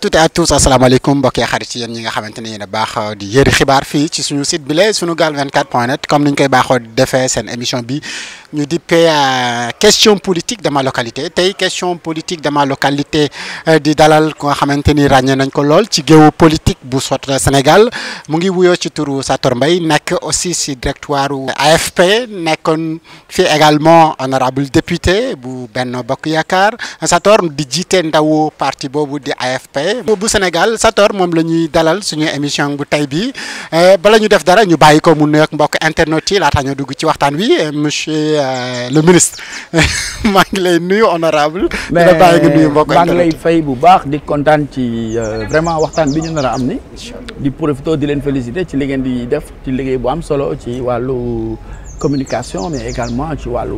toutes et à tous asalaamaaleykum mbokkee xarit ci yéen nga xamante ne yéen a baax euh, di yëri xibaar fii ci suñu site bi la sunugal 24 point net comme ni ñu koy baaxoo defee seen émission bi ñu dippee euh, question politique de ma tey question politique de localité euh, di dalal ko nga xamante ni ràññee nañ ko lool ci géewu politique bu sot Sénégal mu ngi wuyoo ci turu Sator mbay nekk aussi si directoire AFP nekkoon fi également honorable député bu benn Bokk Yaakaar Sator di jiite ndawu parti boobu di AFP bu Sénégal Sator moom la ñuy dalal suñu émission bu tey bi euh, bala ñu def dara ñu bàyyi ko mu nekk mbokk internet yi laata ñu dugg ci waxtaan wi monsieur Euh, le ministre maa ngi lay nuyu honorable mais dina bàyyi nga nuyu maa ngi lay fay bu baax di kontaan ci euh, vraiment waxtaan bi ñu nar a am ni di profité di leen féliciter ci li ngeen di def ci liggéey bu am solo ci wàllu communication mais également ci wàllu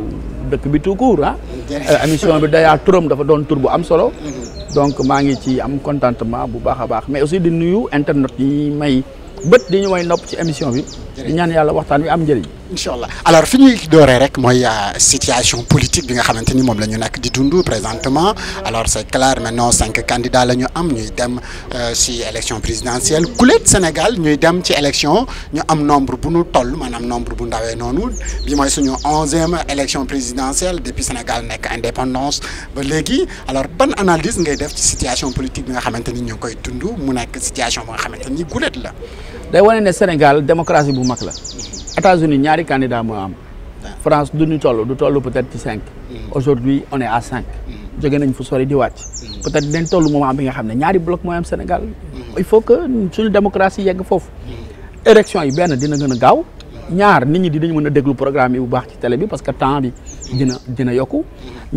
dëkk bi tout court ah euh, émission bi dayaa turam dafa doon tur bu am solo mm-hmm. donc maa ngi ci am contentement bu baax a baax mais aussi di nuyu internet yi may bët di ñu may nopp ci émission bi di ñaan yàlla waxtaan wi am njëriñ incha allah alors fi ñuy dooree rek mooy euh, situation politique bi nga xamante ni moom la ñu nekk di dund présentement alors c' est clair maintenant cinq candidats la ñu am ñuy dem si euh, élection présidentielle gulet Sénégal ñuy dem ci élection ñu am nombre bu nu toll maanaam nombre bu ndawee noonu bi mooy suñu onzième élection présidentielle depuis Sénégal nekk indépendance ba léegi alors ban analyse ngay def ci situation politique bi nga xamante ni ñu koy dundu mu nekk situation bi nga xamante ni gulet la. day ne Sénégal démocratie bu mag la. Mm-hmm. États-Unis ñaari candidat moo am France du ñu toll du toll peut ci cinq mm-hmm. aujourd'hui on est à cinq mm-hmm. jóge nañ fu sori di wàcc mm-hmm. peut-être dañ toll moment bi nga xam ne ñaari bloc mooy am Sénégal il faut que suñu démocratie yegg foofu élection yi benn dina gën a gaaw ñaar nit ñi dinañ mën a déglu programme yi bu baax ci télé bi parce que temps bi dina dina yokku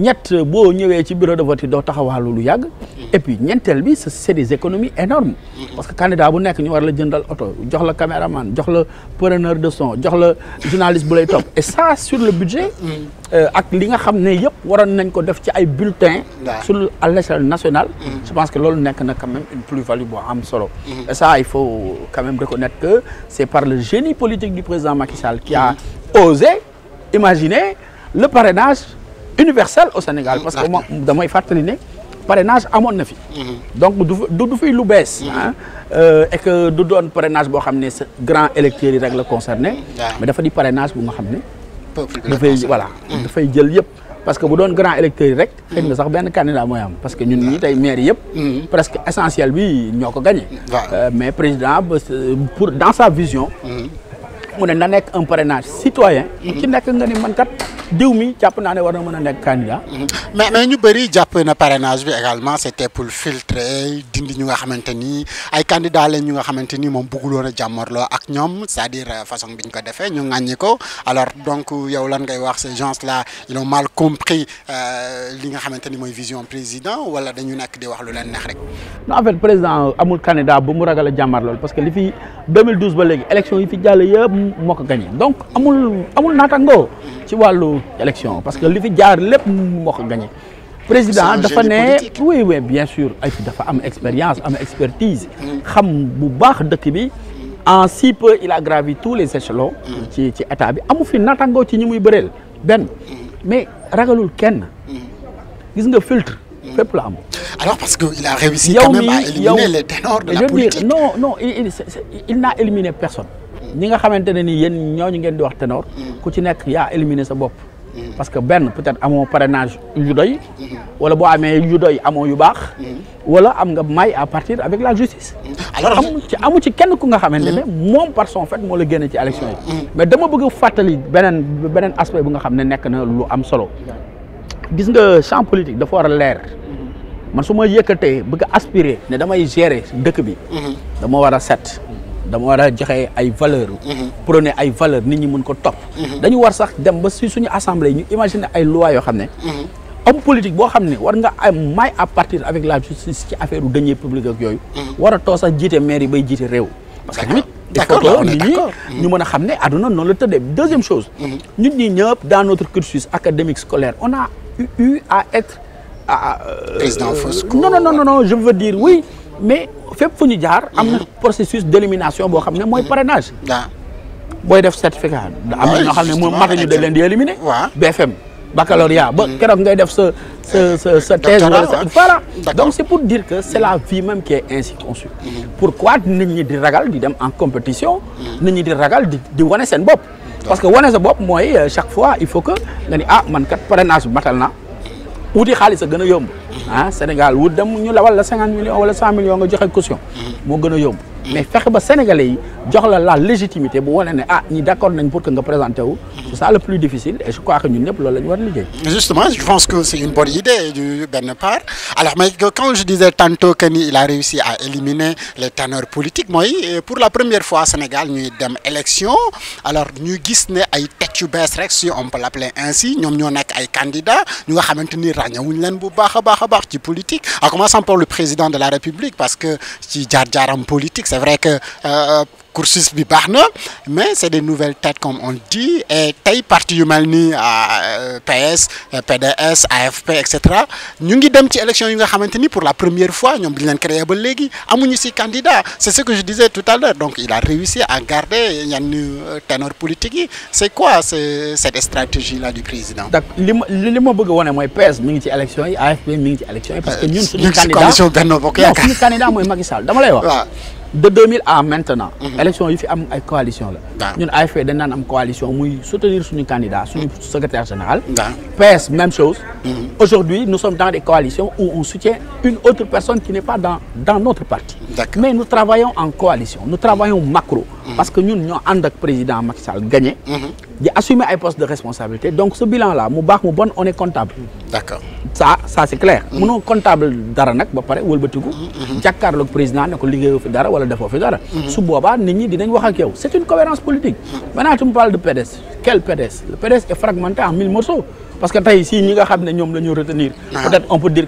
ñett boo ñëwee ci bureau de vote yi doo taxawaalu lu yàgg et puis ñeenteel bi c'est des économies énormes parce que candidat bu nekk ñu war la jëndal oto jox la caméraman jox la preneur de son jox la journaliste bu lay topp et ça sur le budget euh, ak li nga xam ne yëpp waroon nañ ko def ci ay bulletins sur à l'échelle nationale je pense que loolu nekk na quand même une plus-value bu am solo mm-hmm. et ça il faut quand même reconnaître que c'est par le génie politique du a mm-hmm. le parrainage universel au Sénégal mm, parce que moom fàttali ne parrainage amoon na fi mm-hmm. donc du du fi lu bees mm-hmm. euh, et du doon parrainage boo xam ne grand électeurs yi rek la concerné mais defa di parrainage bu nga xam ne dafay voilà mm. dafay jël yëpp parce que bu doon grand électeurs rek xëy na sax benn candidat mooy am parce que ñun ñi tey maire yëpp mm-hmm. presque essentiel bi ñoo ko gagné euh, mais président euh, pour dans sa vision mu ne na nekk un parrainage citoyen ci nekk nga ni man kat diw mi jàpp naa war na mën a nekk candidat. Mm-hmm. mais mais ñu bëri jàpp na parrainage bi également c' était pour dindi ñu nga xamante ni ay candidats lañ ñu nga xamante ni moom bëgguloon a jàmmarloo ak ñoom sa est dire euh, façon bi ñu ko defee ñu ŋàññi ko alors donc yow lan ngay wax ces gens là ils ont mal compris euh, li nga xamante ni mooy vision président wala dañu nekk di wax lu leen neex rek. non en fait président amul mu ragal a jàmmarloo parce moom moo ko gagné donc amul amul naataango ci wàllu élection parce que li fi jaar lépp moo ko gagné. président dafa ne oui oui bien sûr ay dafa am expérience am expertise. xam bu baax dëkk bi. en si peu il a gravi tous les échelons. ci ci état bi amu fi naataango ci ñi muy bëreel benn. mais ragalul kenn. gis nga filtre. fépp la am. alors parce que il a personne. ñi nga xamante ne nii yéen ñu ngeen di wax ténor ku ci nekk yaa éliminé sa bopp parce que benn peut-être amoo parrainage yu doy wala boo amee yu doy amoo yu baax wala am nga may à partir avec la justice alors amu ci amu ci kenn ku nga xamante ne hmm. moom par son fait moo la génne ci élection yi hmm. mais dama bëgg fàttali beneen beneen aspect bu nga xam ne nekk na lu am solo gis nga champ politique dafa war a leer hmm. man su ma tey bëgg aspirer ne damay gérer dëkk bi war a set dama war a joxe ay valeur mhm. prôné ay valeur nit ñi mën ko topp mhm. dañu war sax dem ba si suñu assemblée ñu imaginer ay loi yoo xam ne mhm. homme politique boo xam ne war nga am may à partir avec la justice ci affaire u deniers publics yooyu war a too sax jiite maire yi bay jiite réew parce que nit ñu mën a xam ne àdduna noonu la tëddee deuxième chose ñun ñi ñëpp dans notre cursus académique scolaire on a eu à être à, euh, président Fosco non non non non je veux mais fépp fu ñu jaar. am na processus d' élimination boo xam ne mooy parrainage. waaw ah. booy def certificat. am na ñoo xam ne moom ah, matañu dañ leen di éliminer. waaw BFM baccalauréat ba hmm. keroog ngay def sa sa sa sa thèse. wala sa voilà donc c' est pour dire que c' est la vie même qui est ainsi conçue. Hmm. pourquoi nit ñi di ragal di dem en compétition. Hmm. nit ñu di ragal di di wane seen bopp. parce que wane sa bopp mooy euh, chaque fois il faut que nga ni ah man kat parrainage bi matal naa. wuti xaalis a gën a yomb ah Sénégal wut dem ñu lawal la cinquante millions wala cent millions nga joxe caution mm-hmm. moo gën a yomb mais fexe ba sénégalais yi jox la la légitimité bu wane ne ah ñi d' nañ pour que nga présenté wu. c' est ça le plus difficile et je crois que ñun ñëpp loolu la ñu war liggéey. justement je pense que c' une bonne idée du benn part alors mais quand je disais tantôt que il a réussi à éliminer les teneurs politiques mooy euh, pour la première fois Sénégal ñuy dem élection alors ñu gis ne ay tête yu bees rek si on peut l' ainsi ñoom ñoo nekk ay candidats ñu nga xamante ni ràññewuñ leen bu baax a baax baax ci politique en commençant par le président de la parce que ci vrai que euh, cursus bi baax na mais c'est des nouvelles têtes comme on dit et tey parti yu ah, PS PDS AFP et cetera ñu ngi dem ci élection yi nga xamante ni pour la première fois ñoom bi ñu leen créé ba léegi amuñu si candidat c'est ce que je disais tout à l'heure donc il a réussi à garder yenn euh, ténor politique yi c'est quoi ce cette stratégie là du président. donc li ma li ma bëgg a wane mooy PS mi ngi ci élection yi AFP mi ngi ci élection yi. que ñun candidat euh, ñu ngi si coalition candidat mooy Macky Sall élection yi fi am ay coalition la ñun AFP dañ naan am coalition muy soutenir suñu candidat suñu mm. secrétaire général PS même chose mm-hmm. aujourd'hui nous sommes dans des coalitions où on soutient une autre personne qui n'est pas dans notre parti mais nous travaillons en coalition nous travaillons macro parce que ñun ñoo ànd ak président Macky Sall gagné. di assumer ay postes de responsabilité donc ce bilan là mu baax mu bon on est comptable. d' accord ça ça c' est clair. mënoo comptable dara nag ba pare wëlbatiku. jàkkaarloog président ne ko liggéeyoo fi dara wala defoo fi dara. su boobaa nit ñi dinañ wax ak yow c' est une cohérence politique. maintenant tu me parles de PDS quel PDS le est fragmenté en mille morceaux parce que tey si ñi nga xam ne ñoom la ñu retenir. Ah. peut-être on peut dire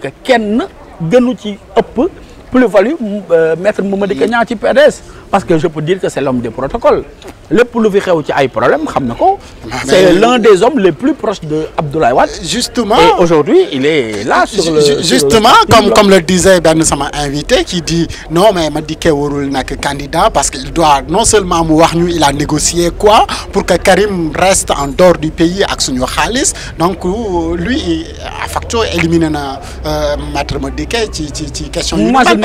ci ëpp plus value euh, maître Mamadou Niang ci PDS. parce que je peux dire que c'est l'homme des protocoles lépp lu fi xew ci ay problème xam na ko ah, c'est l'un des hommes les plus proches de Abdoulaye Wade justement et aujourd'hui il est là sur le justement comme comme le disait benn sama invité qui dit non mais Madické warul nekk candidat parce que doit non seulement mu wax ñu il a négocié quoi pour que Karim reste en dehors du pays ak suñu xaalis donc euh, lui a facto éliminé na euh, Maître Madické ci ci ci question moi pas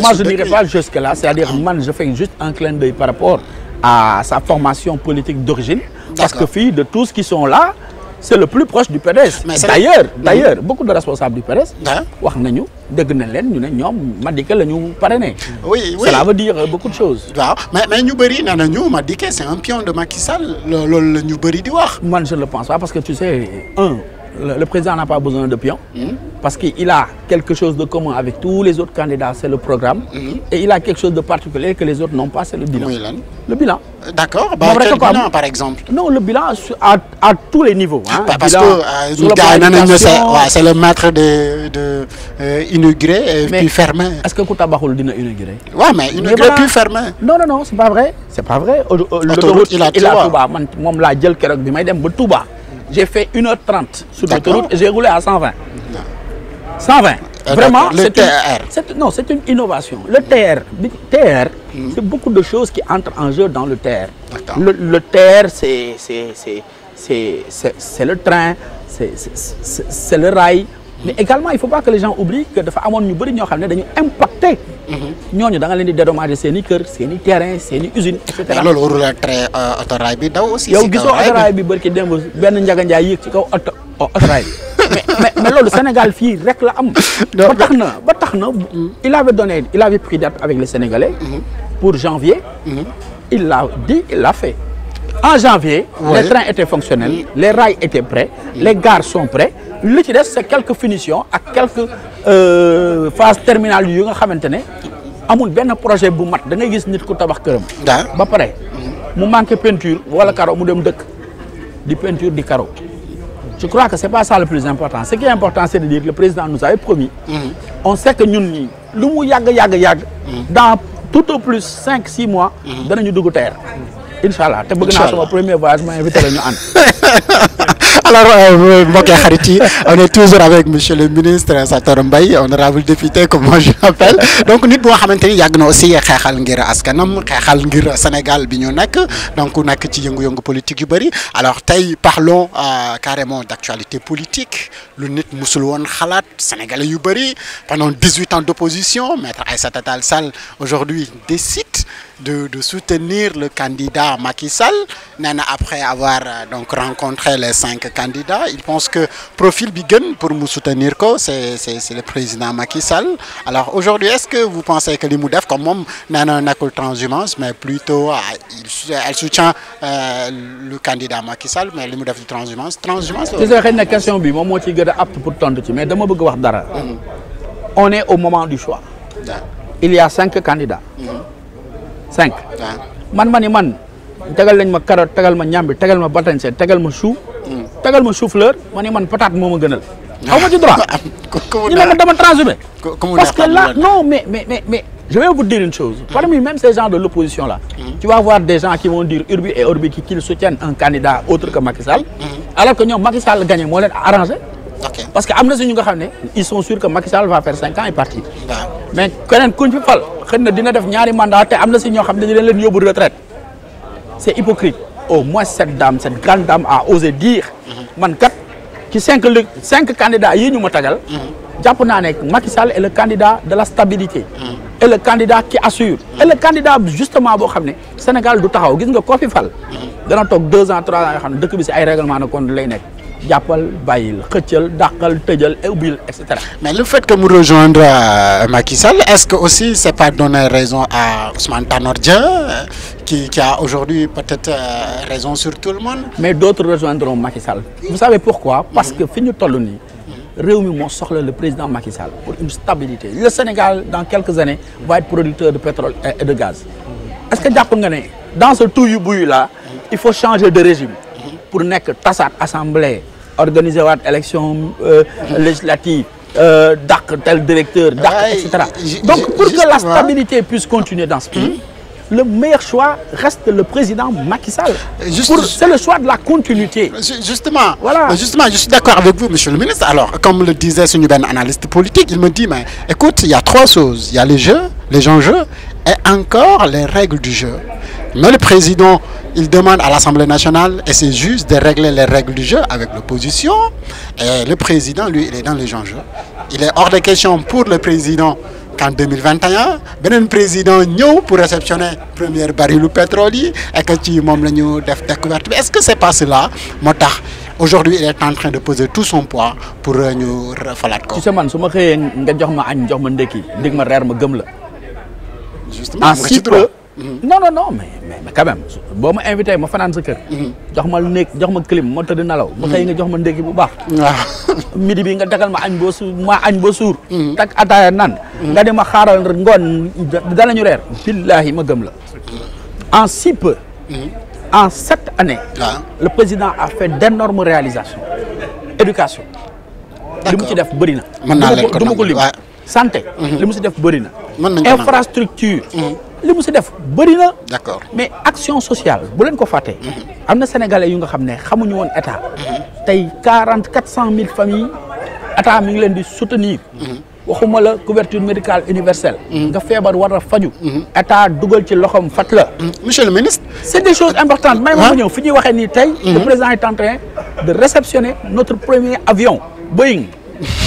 moi là c'est-à-dire man je juste un clin d'œil par rapport à sa formation politique d'origine parce que fii de tous qui sont là c'est le plus proche du PDS d'ailleurs d'ailleurs beaucoup de responsables du PDS ah. wax nañu dëgg na leen ñu ne ñoom Madické la ñu parrainé oui oui cela veut dire beaucoup de choses waaw mais mais ñu bëri nee nañu Madické c'est un pion de Macky Sall loolu la ñu bëri di wax man je ne le pense pas parce que tu sais un le, le président n'a pas besoin de pion mmh. parce qu'il a quelque chose de commun avec tous les autres candidats, c'est le programme. Mmh. Et il a quelque chose de particulier que les autres n'ont pas, c'est le bilan. le bilan. D'accord. par exemple Non, le bilan à, à tous les niveaux. Hein. Bah, parce bilan, que euh, c'est ouais, le maître de, de euh, et mais puis Est-ce que Koutabahoul dit inaugurer Oui, mais inaugurer mais voilà. puis fermer. Non, non, non, c'est pas vrai. C'est pas vrai. Le, il a, il a, il a Touba. j'ai fait une heure trente sur l'autoroute et j'ai roulé à cent vingt cent vingt euh, vraiment le TR c'est non c'est une innovation le TR bi TR hmm. c'est beaucoup de choses qui entrent en jeu dans le TR le, le TR c'est c'est c'est c'est c'est le train c'est c'est le rail mais également il faut pas que les gens oublient que dafa amoon ñu bëri ñoo xam ne dañu impacté. ñoo ñu nga leen di dédommager seen i kër seen i terrain seeni i usine et cetera. loolu warul a tere euh, autorail bi daw aussi. yow gisoo autorail bi benn njaga njaay yéeg ci kaw auto oh, autorail bi mais loolu Sénégal fii rek la am. ba tax na ba tax na. il avait donné il avait pris date avec les Sénégalais. Mhm. pour janvier. Mhm. l'a dit il l'a fait. en janvier oui. les trains étaient fonctionnels les rails étaient prêts les gares sont prêts li ci des c'est quelques finitions ak quelques euh, terminal terminales yu nga xamante ne amul benn projet bu mat da ngay gis nit ku tabax këram ba pare mm. mu manqué peinture wala carreau mu dem dëkk di peinture di carreau je crois que c'est pas ça le plus important ce qui est important c'est de dire que le président nous avait promis mm. on sait que ñun ñi lu mu yàgg yàgg yàgg mm. dans tout au plus cinq six mois danañu dugg terre incha allah te bëgg naa sama premier voyage ma invité la alors mbokk euh, xarit yi on est toujours avec monsieur le ministre Zator Mbaye honorable député comme moi je l'appelle donc nit boo xamante ni yàgg na aussi xeexal ngir askanam xeexal ngir Sénégal bi ñu nekk donc nekk ci yëngu-yëngu politique yu bëri alors tey parlons euh, carrément d' actualité politique lu nit musul woon xalaat sénégalais yu bëri pendant dix huit ans d' opposition maître Aïssata Tall Sall aujourd'hui décide de, de soutenir le candidat Macky Sall nee na après avoir euh, donc rencontré les cinq candidats il pense que profil bi gën pour mu soutenir ko c'est c'est le président Macky Sall alors aujourd'hui est-ce que vous pensez que li mu def comme moom nee na nekkul transhumance mais plutôt ah, il elle soutient euh, le candidat Macky Sall mais li mu def du transhumance transhumance. ci sa xëy na question bi moom moo ciy gën a apte pour tontu ci mais dama bëgg wax dara. Mm-hmm. on est au moment du cinq candidats. Mm-hmm. cinq man ma ni man tegal lañ ma carotte tegal ma ñambi tegal ma batañse tegal ma chou tegal ma chou-fleur ma ni man patate moo ma gënal xaw ma ci droit ñu ne ma dama transhumé parce que la non mais mais mais mais je dire une chose parmi même ces gens de l'opposition là mm. tu vas voir des gens qui vont dire urbi et orbi qui qu'ils soutiennent un candidat autre que Macky mm. alors que ñoom Macky Sall gagné moo leen ok parce que am na ñu nga xam ne ils sont sûrs que Macky Sall va cinq ans et partir. mais keneen kuñ fi fal xëy na dina def ñaari mandat te am na si ñoo xam ne dañu leen yóbbu retraite c' hypocrite au moins cette dame cette grande dame a osé dire. Mhm. man kat ci cinq lu cinq candidats ñu ma tagal. Mhm. jàpp naa ne Macky Sall est le candidat de la stabilité. Mhm. et le candidat qui assure. et le candidat justement boo xam ne Sénégal du taxaw gis nga koo fi fal. dana toog deux lay nekk. jàppal bàyyil xëccal dàqal tëjal ubbil mais le fait que mu rejoindre euh, Macky Sall est-ce que aussi c'est pas donner raison à Ousmane Tanor Dieng euh, qui qui a aujourd'hui peut-être euh, raison sur tout le monde. mais d'autres rejoindront Macky Sall. vous savez pourquoi parce que fi ñu toll nii. réew mi moo soxla le président Macky Sall pour une stabilité le Sénégal dans quelques années va être producteur de pétrole et de gaz. est-ce que jàpp nga ne dans ce tout yu là il de régime. pour nekk tasaat assemblée organiser waat élection euh, législative euh, dàq tel directeur dàq et cetera donc pour que la stabilité puisse continuer dans ce pays le meilleur choix reste le président Macky Sall. C'est le choix de la continuité. Justement, voilà. justement, je suis d'accord avec vous, monsieur le ministre. Alors, comme le disait ce nouvel analyste politique, il me dit, mais écoute, il y a trois choses. Il y a les jeux, les enjeux, et encore les règles du jeu. Mais le président, il demande à l'Assemblée nationale, et c'est juste de régler les règles du jeu avec l'opposition. Et le président, lui, il est dans les enjeux. Il est hors de question pour le président qu'en 2021 beneen président ñëw pour réceptionner première barilu pétrole yi et que ci moom la ñu def découverte bi est-ce que c'est pas cela moo tax aujourd'hui il est en train de poser tout son poids pour ñu falaat ko. ci sa man su nga jox ma añ jox ma ndékki ndig ma reer ma gëm la. non non non mais mais quand même boo ma invité ma fanaan sa kër. Mhm. jox ma néeg jox ma clim ma tëdd nalaw. ma xëy nga jox ma ndékki bu baax. Mhm. midi bi nga dagal ma añ boo suur añ boo suur. Mhm. tak ataaya nan. nga di ma xaaral ngoon dana ñu reer. billahi ma gëm la. en si peu. en sept années. le président a fait d'énormes réalisation éducation. li mu ci def bëri na. mën naa leen ko du ma ko santé. Mhm. li mu si def bëri na. mën nañu infrastructure. Mhm. li mu si def bëri na. d'accord mais action sociale bu leen ko fàttee. Mhm. am na sénégalais yu nga xam ne xamuñu woon état. tey quarante quatre cent mille familles état mi ngi leen di soutenir. waxuma la couverture médicale universelle. nga feebar war a faju. état dugal ci loxoom fat la. monsieur le ministre. c'est des choses importantes may ma ah. ñëw fi ñuy waxee nii tey. le président est en train de réceptionner notre premier avion Boeing.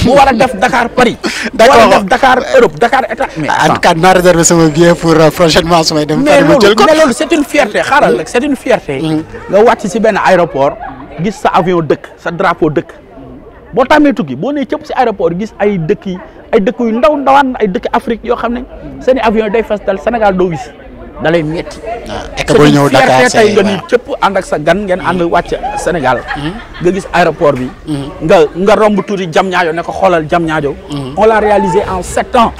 mu war def Dakar Paris. d' accord war a def Dakar Europe Dakar état. mais en tout cas sama billet pour euh, prochainement su may dem. mais loolu mais loolu c' est une fierté xaaral rek c' est mm-hmm. nga wàcc si benn aéroport. gis sa avion dëkk sa drapeau dëkk. boo tàmmee tukki boo nee cëpp si aéroport gis ay dëkk yi ay dëkk yu ndaw ndawaan ay dëkk Afrique yoo xam ne seen i avion day Sénégal doo da lay metti ek booy ñëw Dakar tey nga ni cëpp ànd ak sa gan ngeen ànd wàcc Sénégal mhm. nga gis aéroport bi mhm. nga nga romb tuuti jam ñaajo ne ko xoolal jam ñaajo mhm. on l'a réalisé en sept ans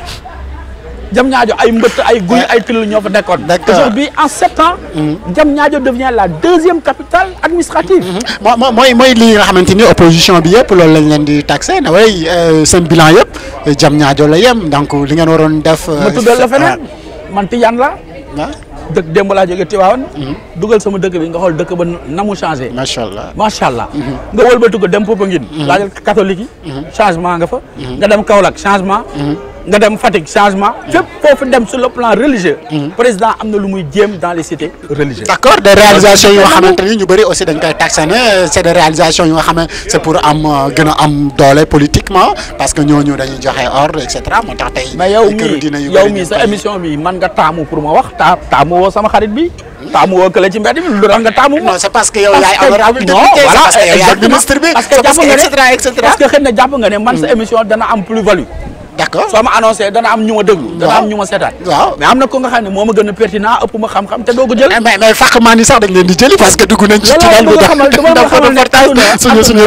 jam ñaajo ay mbëtt ay guy ay tullu ñoo fa nekkoon aujourd'hui en sept ans jam ñaajo devient la deuxième capitale administrative moo mooy mooy li nga xamante ni opposition bi yëpp loolu lañ leen di taxé na way euh, seen bilan yëpp jam ñaajo la yem donc li ngeen waroon def ma euh, tuddal la feneen ah. man la dëkk démb laa jógee Tivaouane mhm. dugal sama dëkk bi nga xool dëkk ba namu changé macha allah macha allah mhm. nga wëlbatu ko dem Popenguine mhm. laajal catholique yi changement nga fa nga dem Kaolack changement nga dem Fatick changement. fépp foofu dem sur le plan religieux. Hmm. président am na lu muy jéem dans les cités religieuses. d' accord des réalisations yoo xamante ni ñu bëri aussi dañ koy taxané c' est des réalisations yoo xam ne c' est pour am gën a am doole politiquement parce que ñooñu dañuy joxe ordre et cetera moo tax tey. mais yow sa émission bi man nga taamu pour ma wax taa taamu woo sama xarit bi. taamu woo kële ci mbedd bi lu taamu. non c' parce que yow yaay honorable député parce que yow jàpp nga ne man hmm. émission dana am plus d'accord soo ma annoncé dana am ñu ma dana am ñu ma am na ko nga xam ne moo gën a pertinent ëpp ma xam-xam te doo jël eh, mais mais fàq maa ni jëli parce que dugg nañ bi def reportage suñu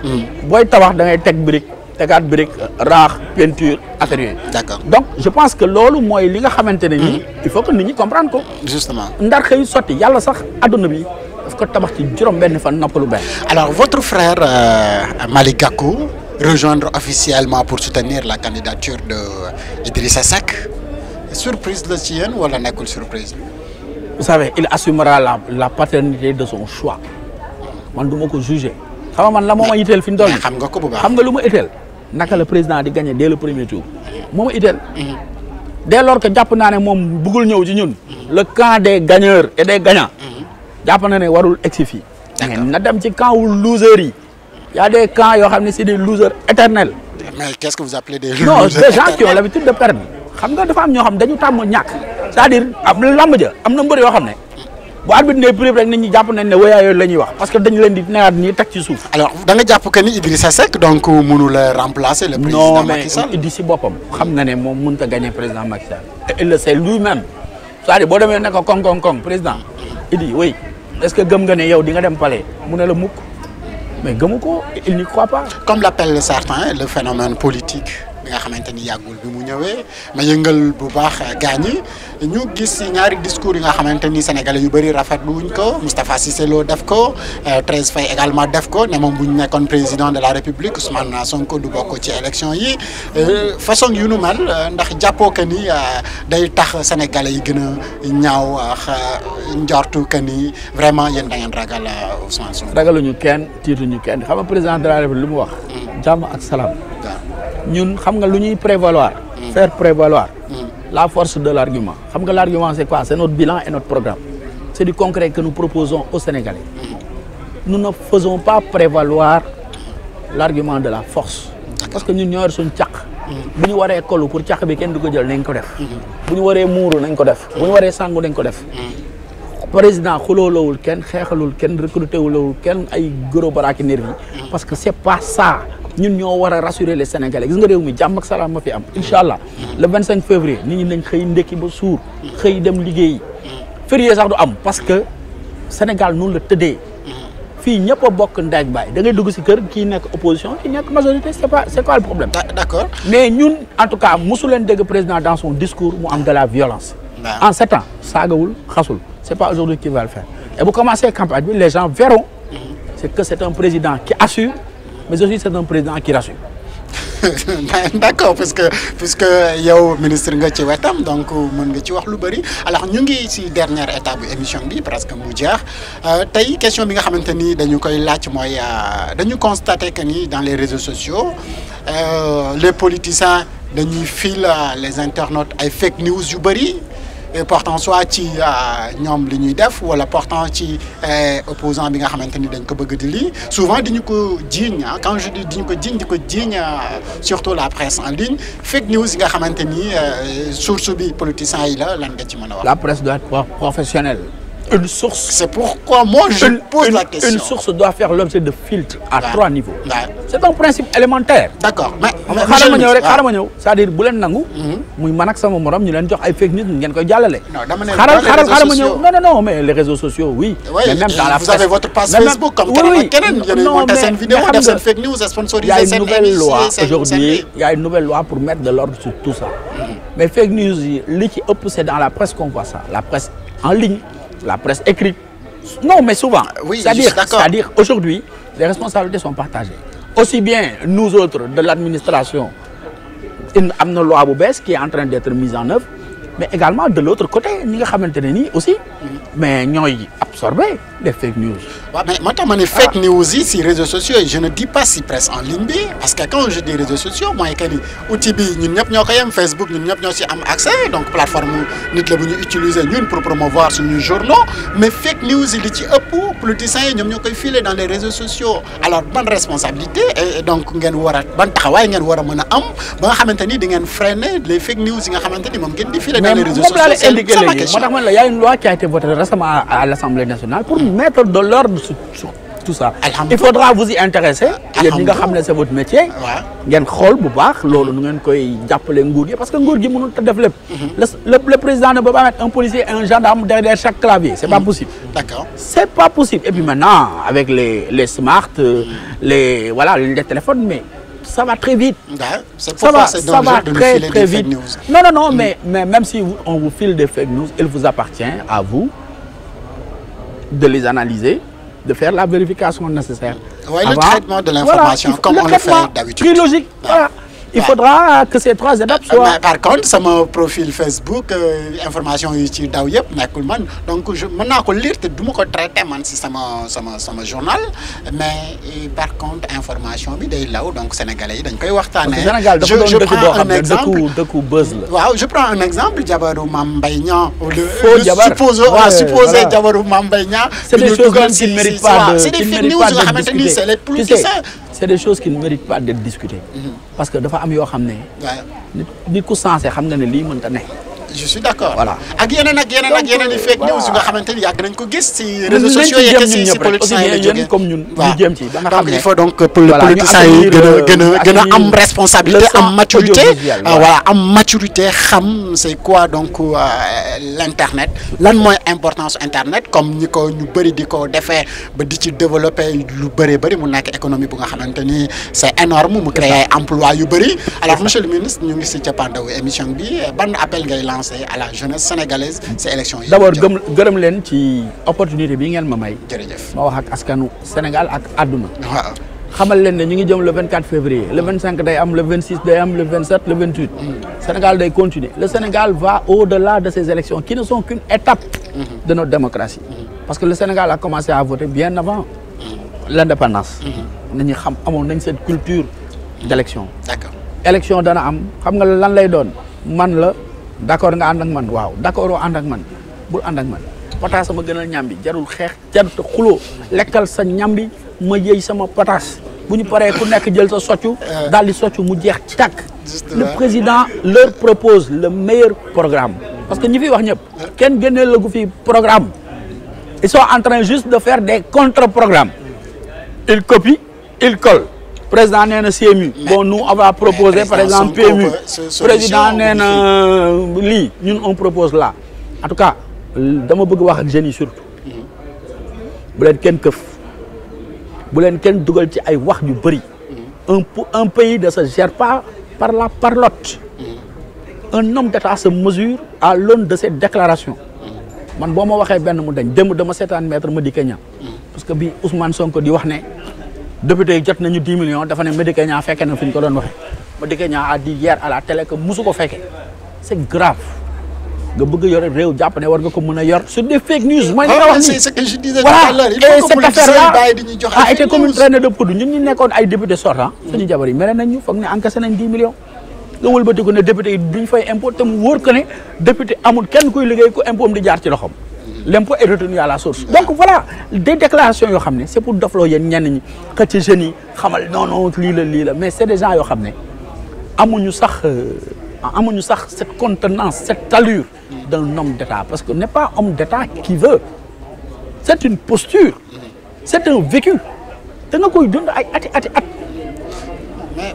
hmm. teg brique tegaat brique raax peinture affaire donc je pense que loolu mooy li nga xamante ne nii hmm. il faut que nit ñi ko ndar xëy sotti yàlla sax adduna bi daf ko tabax ci juróom benn fan noppalu alors votre frère euh, rejoindre officiellement pour soutenir la candidature de euh, Idrissa Seck surprise la ci wala nekkul surprise. vous savez il assumera la paternité de son choix man du ma ko jugé. nga la moo ma itteel fi mu toll xam nga ko bu baax xam nga lu ma itteel. naka la président di gagné dès le premier tour. Mm-hmm. moo ma itteel. Mm-hmm. dès lors que jàpp naa ne moom ñëw ci ñun. le camp des gagneurs et des gagnants. Mm-hmm. jàpp na ne warul egsi fii. na dem ci camp wu losers yi. y a yoo xam ne c'est des losers éternels. mais qu'est-ce que vous appelez des losers non des gens qui xam nga dafa am ñoo xam dañu tàmm ñàkk. c'est-à-dire am lamb ja am na mbër yoo xam ne. bu arbitre ne privé rek nit ñi jàpp nañ ne woyaa yooyu la ñuy wax parce que dañu leen di neexaat ñuy teg ci suuf. alors da nga jàpp que ni Idrissa Seck donc mënul remplacer le président Macky Sall si boppam. xam na ne moom mënut a gagner président Macky Sall. te il le lui-même à boo demee ne ko kong kong kong président Idi oui est-ce que gëm nga ne yow di nga dem palais mu ne la mukk mais gëmu ko il n'y croit pas. comme l'appellent certains le phénomène politique. bi nga xamante ni yàggul bi mu ñëwee ma yëngal bu baax gaañ yi ñu gis ñaari discours yi nga xamante ni sénégalais yu bëri rafetlu wuñ ko Moustapha Cissé Lo def ko euh, Thérèse Faye également def ko ne moom bu ñu nekkoon président de la république Ousmane ko du bokk ci élection yi euh, façon yu nu mel euh, ndax jàppoo que ni day tax sénégalais yi gën a ñaaw njortu que ni vraiment yéen da ngeen ragal Ousmane Sonko. ragaluñu kenn tiituñu kenn xam président de la république lu mu wax. Hmm. jàmm ak ñun xam nga lu ñuy prévaloir faire prévaloir mm. la force de l'argument xam nga l'argument c'est quoi c'est notre bilan et notre programme c'est du concret que nous proposons aux Sénégalais mm. nous ne faisons pas prévaloir l'argument de la force parce que ñun ñoo yor suñ caq mm. bu ñu waree kolu pour caq bi kenn du ko jël nañ ko def bu ñu waree muuru nañ ko def bu ñu waree sangu nañ ko def président xuloolowul kenn xeexalul kenn recruté wulowul kenn ay gros baraaki nervi parce que c'est ñun ñoo war a rassurer les sénégalais gis nga réew mi jàmm ak salaam ma fi am incha allah le février nit ñi nañ xëy ndekki ba suur xëy dem liggéeyi férié sax du am parce que Sénégal noonu la tëddee fii ñëpp a bokk ndeeg baay da ngay dugg si kër kii nekk opposition kii nekk majorité c'est pas c'est quoi le problème ah, d'accord mais ñun en tout cas mosu leen président dans son discours mu am de la violence en sept ans saagawul xasul c'est pas aujourd'hui qu'il va le faire et bu commencé mais aussi c'est un président qui rassure. d'accord puisque puisque yow ministre nga ci wetam donc mun nga ci wax lu bëri alors ñu ngi ci dernière étape bu émission bi presque mu jeex euh, tey question bi nga xamante ni dañu koy laaj mooy euh, dañu constater que ni dans les réseaux sociaux euh, les politiciens dañuy fil euh, les internautes ay fake news yu bëri. Euh, portant soit ci euh, ñoom li ñuy def wala portant ci euh, opposant bi nga xamante ni dañ ko bëgg di lii souvent di ñu ko jiiñ ah quand je di ñu ko jiiñ di ko jiiñ surtout la presse en ligne fake news yi nga xamante ni source bi politiciens yi la lan nga ci mën a wax. la presse doit être Une source. C'est pourquoi moi je une, pose une, la question. Une source doit faire l'objet de filtres à trois niveaux. C'est un principe élémentaire. D'accord. Mais xaaral ma ñëw rek xaaral ma ñëw c'est-à-dire bu mhm. jox ay fake news ngeen koy jàllale. non dama ne non non non mais les réseaux sociaux mais même y a une nouvelle loi pour mettre de l'ordre sur ça. Mhm. mais fake news li ci ëpp c'est dans la presse qu'on voit ça la presse en ligne. la presse écrite. Non, mais souvent. Ah oui, c'est-à-dire, c'est-à-dire aujourd'hui, les responsabilités sont partagées. Aussi bien nous autres de l'administration, am na loi bu bees qui est en train d'être mise en œuvre, mais également de l'autre côté ñi nga xamante ne nii aussi mais ñooy absorbé de fake news. waaw mais moo tax ma ne fake ah. news yi si je ne dis pas presse en ligne bi parce que quand je dis réseaux sociaux mooy que ni outil bi ñun ñëpp Facebook ñun ñëpp ñoo am accès donc plateforme nit la bu ñu utiliser ñun pour promouvoir journaux mais fake news yi ci ëpp politiciens yi ñoom ñoo koy dans les réseaux sociaux alors ban responsabilité et donc ngeen war a ban taxawaay ngeen war a mën a am ba nga xamante di ngeen freiner les fake news yi nga xamante ni di filer dans les réseaux a une mettre de l'ordre sur, sur tout ça. il faudra vous y intéresser. yéen votre métier. ngeen xool bu baax loolu nu ngeen koy jàppale nguur gi parce que nguur gi mënul ta def lépp. Mhm. le le président ne peut pas mettre un policier et un gendarme derrière chaque clavier c'est pas mhm. possible. d'accord c'est pas possible et puis les les smart euh, les voilà les téléphones mais. ça va très vite. ça va ça va très très vite. non non non mhm. mais mais même si on vous file des fake news il vous appartient à vous. de les analyser, de faire la vérification nécessaire. Oui, le traitement de l'information, voilà, comme le on le fait d'habitude. Trilogique. Voilà. il faudra que ces trois étapes soient. mais par contre sama profil Facebook euh, information yi ci daw yëpp nekkul man donc man mën naa ko lire te du ma ko traité man si sama sama sama journal mais euh, par contre information bi day law donc sénégalais yi dañ koy waxtaanee. je je prends un exemple dëkku buzz la. waaw je prends un exemple jabaru Mame Mbaye Niang. faux jabar supposé waaw supposé jabaru Mame Mbaye Niang. c'est des choses qui ne méritent pas de c'est des fake news nga xamante ni c'est parce que dafa am yoo xam ne. nit ku sensé xam nga ne lii mënta ne. je suis d' voilà ak yeneen ak yeneen ak yeneen yi fake news yu nga xamante ni yàgg nañ ko gis si réseaux sociaux yeeg ci ci politiciens yi comme ñu jéem ci ba nga xam ne il faut gën a euh, gën a gën a am responsabilité am maturité ah, voilà am maturité xam c' est quoi donc euh, l' lan mooy importance internet comme ñi ko ñu bëri di ko defee ba di ci développe lu bëree bari mu nekk économie bu nga xamante ni c' est énorme mu créer emploi yu bëri alors monsieur le ministre ñu ngi si cappaandawu émission bi ban appel ngay conseiller à la jeunesse sénégalaise ces élections yi. d'abord gërëm leen ci opportunité bi ngeen ma may. ma wax ak askanu Sénégal ak àdduna. xamal leen ne ñu ngi jëm le 24 février le 25 day am le 26 am le 27 le 28. Hmm. Sénégal day continuer le Sénégal va au-delà de ces élections qui ne sont qu'une étape. Hmm. de notre démocratie. Hmm. parce que le Sénégal a commencé à voter bien avant. l'indépendance. nañu xam amoon nañ cette culture d'élection. d'accord élection dana am xam nga lan lay doon man la. d'accord nga ànd ak man waaw d'accord oo ànd ak man bu ànd ak man pataas sama gënal ñambi jarul xeex jarul te xuloo lekkal sa ñambi ma yëy sama pataas bu ñu paree ku nekk jël sa soccu euh. daal di soccu mu jeex tàkk le président leur propose le meilleur programme parce que ñi fiy wax ñëpp euh. kenn génnee la gu fi programme ils sont en juste de faire des contre programme ils copient ils collent président nee na CMU. bon nous on va proposer par exemple PMU. président nee na euh, lii ñun un propose la en tout cas dama bëgg wax ak jeunes yi surtout. Mm-hmm. bu leen kenn këf. bu leen kenn dugal ci ay wax yu bëri. Mm-hmm. un un pays ne se gère pas par la par parlotte. Mm-hmm. un homme d'État se mesure à l'aune de ses déclarations. man boo ma waxee benn mu dañ démb dama seetaan maître Madické Niang. parce que bi Ousmane Sonko di wax ne. député yi jot nañu 10 million dafa ne Madické Niang fekke na fi ñu ko doon waxee Madické Niang a dit hier à la télé que musu ko fekke c' grave nga bëgg yore réew jàpp ne war nga ko mën a yor sur des fake news. mooy li nga wax ah, a été comme une traînée de poudre ñun ñu nekkoon ay député sortant suñu jabar foog ne encaissé nañ 10 millions. nga wëlbatiku ne député yi fay impôt mu wóor ne député amul kenn kuy liggéey ku impôt am di jaar ci loxom l'impôt est retenu à la source donc voilà des déclarations yoo xam ne c'est pour dofloo yéen ñenn ñi xëcc ci jeunes yi xamal non non lii la lii la mais c'est des gens yoo xam ne amuñu sax euh, amuñu sax cette contenance cette allure d'un nom d'État parce que n'est pas homme d'État qui veut c'est une posture c'est un vécu da nga koy dund ay ati ati at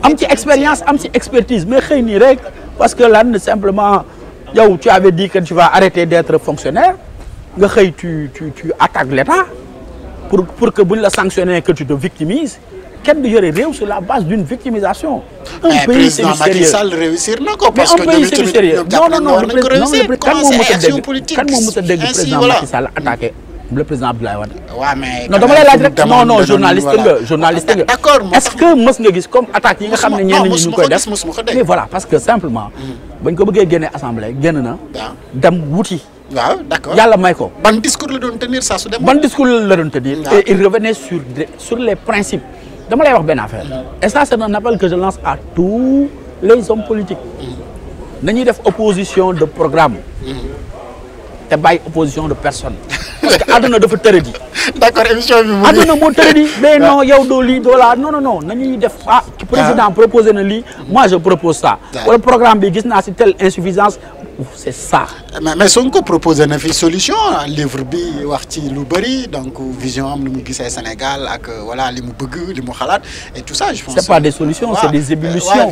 am ci expérience am ci expertise mais xëy nii rek parce que lan simplement yow tu avais dit que tu vas arrêter d'être fonctionnaire nga xëy tu tu tu attaques l'État pour pour que la sanctionner que tu te victimises kenn du yore réew sur la base d'une victimisation. un pays semi-sérieux président Macky Sall réussir na moo mës a dégg président Macky Sall attaqué. le président Abdoulaye Wade. waaw dama lay laaj rek non journaliste nga journaliste est-ce que mës nga gis comme attaque yi nga xam ne ñenn ñi ñu ngi koy mais voilà parce que simplement. Mm. bañ ko bëggee génne assemblée génn na. dem wuti. waaw d'accord yàlla may ko. ban discours la doon tenir sa su dem. ban discours la doon tenir. il revenait sur les principes. dama lay wax ben affaire. et ça c'est un appel que je lance à tous les hommes politiques. Mm. nañuy def opposition de programme. Mm. te bàyyi opposition de personne. parce def àdduna dafa tëradi. d'accord émission bi mu àdduna moo tëradi. mais non yow doo lii def ah. président proposé na lii. moi je propose ça. wala programme bi gis naa si telle insuffisance. c'est ça. mais mais Sonko proposé na fi solution livre bi wax ci lu bëri donc vision am lu mu gisee Sénégal ak euh, voilà li mu bëgg li mu xalaat et tout ça je pas des solutions ouais, c'est des évolutions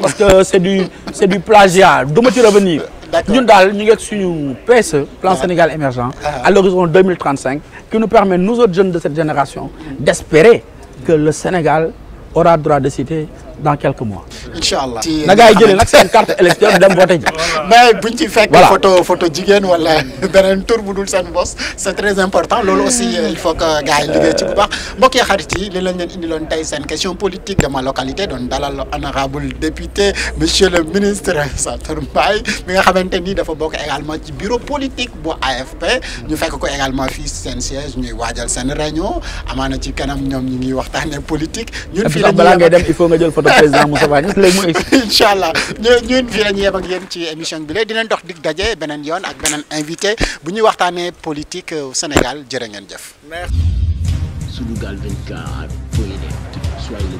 parce que c'est du c'est plagiat du ma ci revenir. Euh, ñun daal ñu ngi ak suñu PSE plan Sénégal émergent ah, ah. à l'horizon 2035 qui nous permet nous autres jeunes de cette génération d'espérer que le Sénégal aura droit de citer dans quelques mois. incha allah na gaa yi jëlee nag seen carte électeur dem voté ji. mais buñ ci fekk. photo photo jigéen wala beneen tur bu dul seen bos. c' très important loolu aussi euh, il faut que gaa yi liggéey ci bu baax mbokk yi xarit yi li lañ tey seen question politique de ma localité doon dalal honorable député monsieur le ministre Sator Mbaye mi nga xamante ni dafa bokk également ci bureau politique bu AFP. ñu fekk ko également fii seen siège ñuy waajal seen réunion amaana ci kanam ñoom ñu ngi waxtaanee politique. ndax balaa ngay dem il faut nga jël photo président Moussa Ba Niass léegi mu incha allah ñu ñun fii la yem ci émission bi léegi dinañ dox dig daje beneen yoon ak beneen invité bu ñuy waxtaanee politique Sénégal jërë ngeen jëf. Sunugal 24 point net soyez le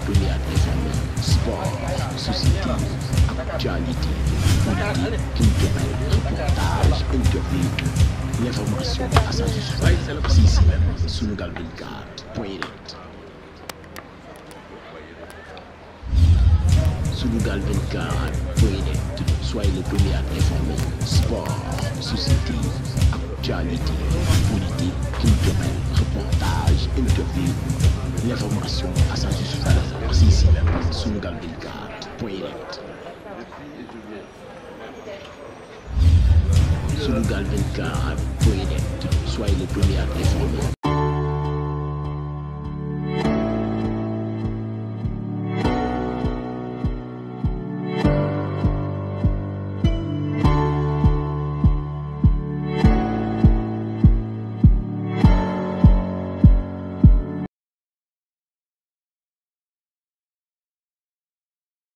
sunugal24.net soyez le premier à informer sport société actualité politique culturelle reportage interview l'information à sa juste valeur c'est ici même sunugal24.net sunugal24.net soyez le premier à informer